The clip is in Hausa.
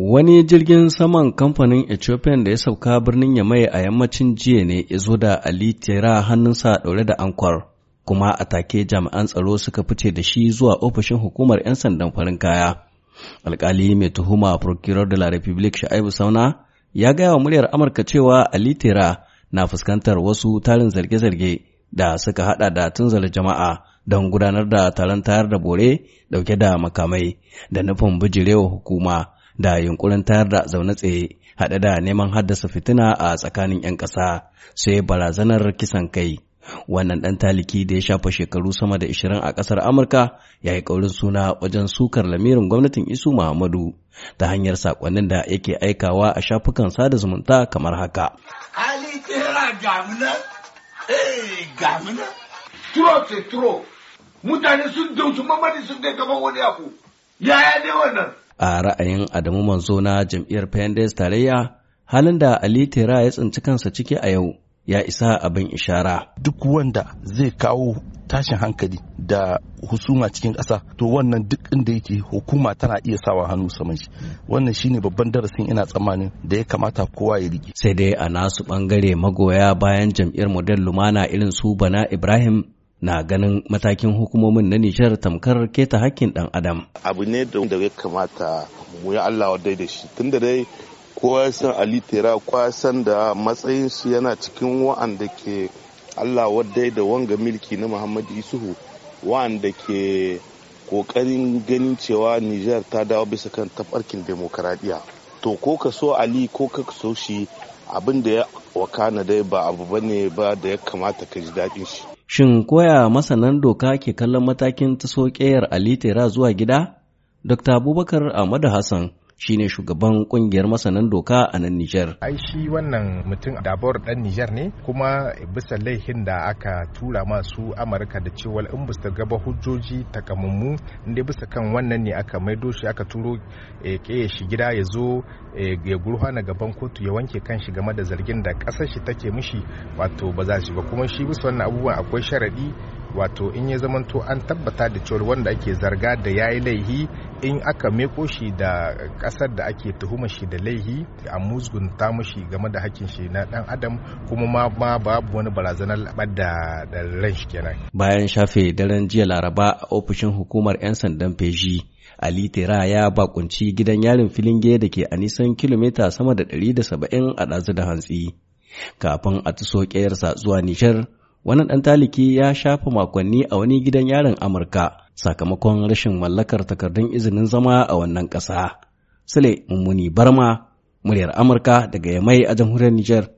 Wani jirgin saman kamfanin Ethiopian da ya sauka birnin Yamai a yammacin jiya ne ya zo da Ali Tera hannunsa ɗaure da ankwar, kuma a take jami'an tsaro suka fice da shi zuwa ofishin hukumar 'yan sandan farin kaya. Alkali mai tuhuma Procureur de la République Sha'ibu Sauna ya gaya wa muryar Amurka cewa Ali Tera na fuskantar wasu tarin zarge-zarge da suka haɗa da tunzala jama'a don gudanar da taron tayar da bore ɗauke da makamai da nufin bijirewa hukuma. da yunkurin tayar da zaune tsaye haɗe da neman haddasa fitina a tsakanin 'yan ƙasa sai barazanar kisan kai wannan dan taliki da ya shafa shekaru sama da 20 a ƙasar amurka ya yi ƙaurin suna wajen sukar lamirin gwamnatin isu muhammadu ta hanyar saƙonnin da yake aikawa a shafukan sada zumunta kamar haka eh, mutane sun sun kai wani yaya ne wannan a ra'ayin Adamu Manzo na jam'iyyar Pendes tarayya halin da Ali Tera ya tsinci kansa ciki a yau ya isa abin ishara duk wanda zai kawo tashin hankali da husuma cikin ƙasa to wannan duk inda yake hukuma tana iya sawa hannu saman shi wannan shine babban darasin ina tsammanin da ya kamata kowa ya rike sai dai a nasu bangare magoya bayan jam'iyyar model lumana irin su bana ibrahim na ganin matakin hukumomin na Nijar tamkar keta hakkin ɗan adam. Abu ne da ya kamata mu yi Allah wadai da shi tun da dai kowa san Ali Tera kowa san da matsayin su yana cikin wa'anda ke Allah wadai da wanga milki na Muhammadu Isuhu wa'anda ke kokarin ganin cewa Nijar ta dawo bisa kan tafarkin demokaradiyya. To ko ka so Ali ko ka so shi abin da ya wakana dai ba abu ne ba da ya kamata ka ji daɗin shi. Shin koya masanan doka ke kallon matakin taso ƙeyar Ali zuwa gida? Dr. Abubakar Ahmadu Hassan shine shugaban kungiyar masanan doka a nan Nijar. Ai shi wannan mutum dabor dan Nijar ne kuma bisa laihin da aka tura masu Amurka da cewa in bisa gaba hujjoji takamammu inda bisa kan wannan ne aka maido shi aka turo eh, keye shi gida ya zo eh, ya na gaban kotu ya wanke kan shi game da zargin da kasar shi take mishi wato ba za shi ba kuma shi bisa wannan abubuwan akwai sharadi wato in ya zamanto an tabbata da cewar wanda ake zarga da ya yi laihi in aka meko shi da kasar da ake tuhuma shi da laihi a musgunta mushi game da hakkin shi na dan adam kuma ma, ba babu wani barazanar labar da ran shi kenan bayan shafe daren jiya laraba a ofishin hukumar yan sandan feji ali tera ya bakunci gidan yarin filinge da ke a nisan kilomita sama da 170 a ɗazu da hantsi kafin a tuso ƙeyarsa zuwa nishar wani ɗan taliki ya shafa makonni a wani gidan yaron Amurka sakamakon rashin mallakar takardun izinin zama a wannan ƙasa. Sule Mummuni Barma, muryar Amurka daga Yamai a jamhuriyar Nijar.